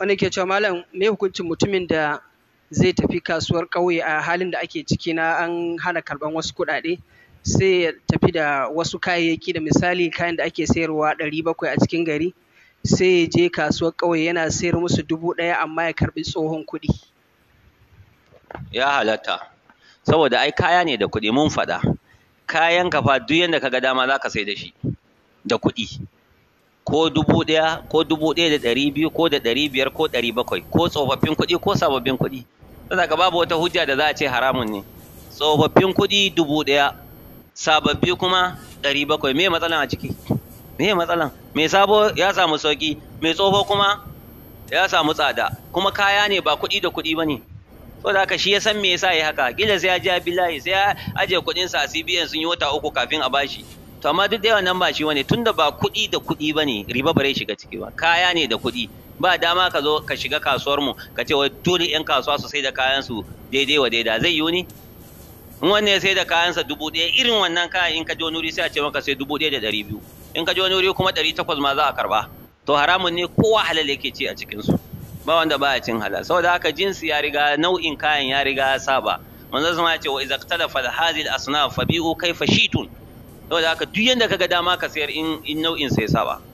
wani ke cewa malam me hukuncin mutumin da zai tafi kasuwar ƙauye a halin da ake ciki na an hana karban wasu kuɗaɗe sai ya tafi da wasu kayayyaki da misali kayan da ake sayarwa ɗari bakwai a cikin gari sai ya je kasuwar ƙauye yana sayar musu dubu ɗaya amma ya karɓi tsohon kuɗi. Ya halatta saboda ai kaya ne da kuɗi mun faɗa kayan kafa duk yanda ka ga dama za ka sai da shi da kuɗi ko dubu ɗaya ko dubu ɗaya da ɗari biyu ko da ɗari biyar ko ɗari bakwai ko tsofaffin kuɗi ko sababbin kuɗi saboda ka babu wata hujja da za a ce haramun ne tsofaffin kuɗi dubu ɗaya sababbi kuma ɗari bakwai me matsalan a ciki me matsalan me sabo ya samu sauƙi, me tsoho kuma ya samu tsada kuma kaya ne ba kuɗi da kuɗi ba ne saboda haka shi ya san me yasa ya haka kila sai ya ji bilahi sai ya aje kuɗin sa a CBN sun yi wata uku kafin a bashi to amma duk da nan ba shi wani tunda ba kuɗi da kuɗi ba ne riba bare shiga ciki ba kaya ne da kuɗi ba dama ka zo ka shiga kasuwar mu ka ce wai dole yan kasuwa su sai da kayan su daidai wa daida zai yiwu ni? in wanne sai da sa dubu ɗaya irin wannan kayan in ka je wani sai a ce maka sai dubu ɗaya da ɗari biyu in ka je wani kuma ɗari takwas ma za a karɓa to haramun ne kowa halal yake ci a cikinsu ba wanda ba cin halal saboda haka jinsi ya riga nau'in kayan ya riga ya saba manzo zama ya ce wa idza ikhtalafa hadhihi al-asnaf fabi'u kayfa shitun saboda haka duk yanda kaga dama ka sayar in nau'in sai saba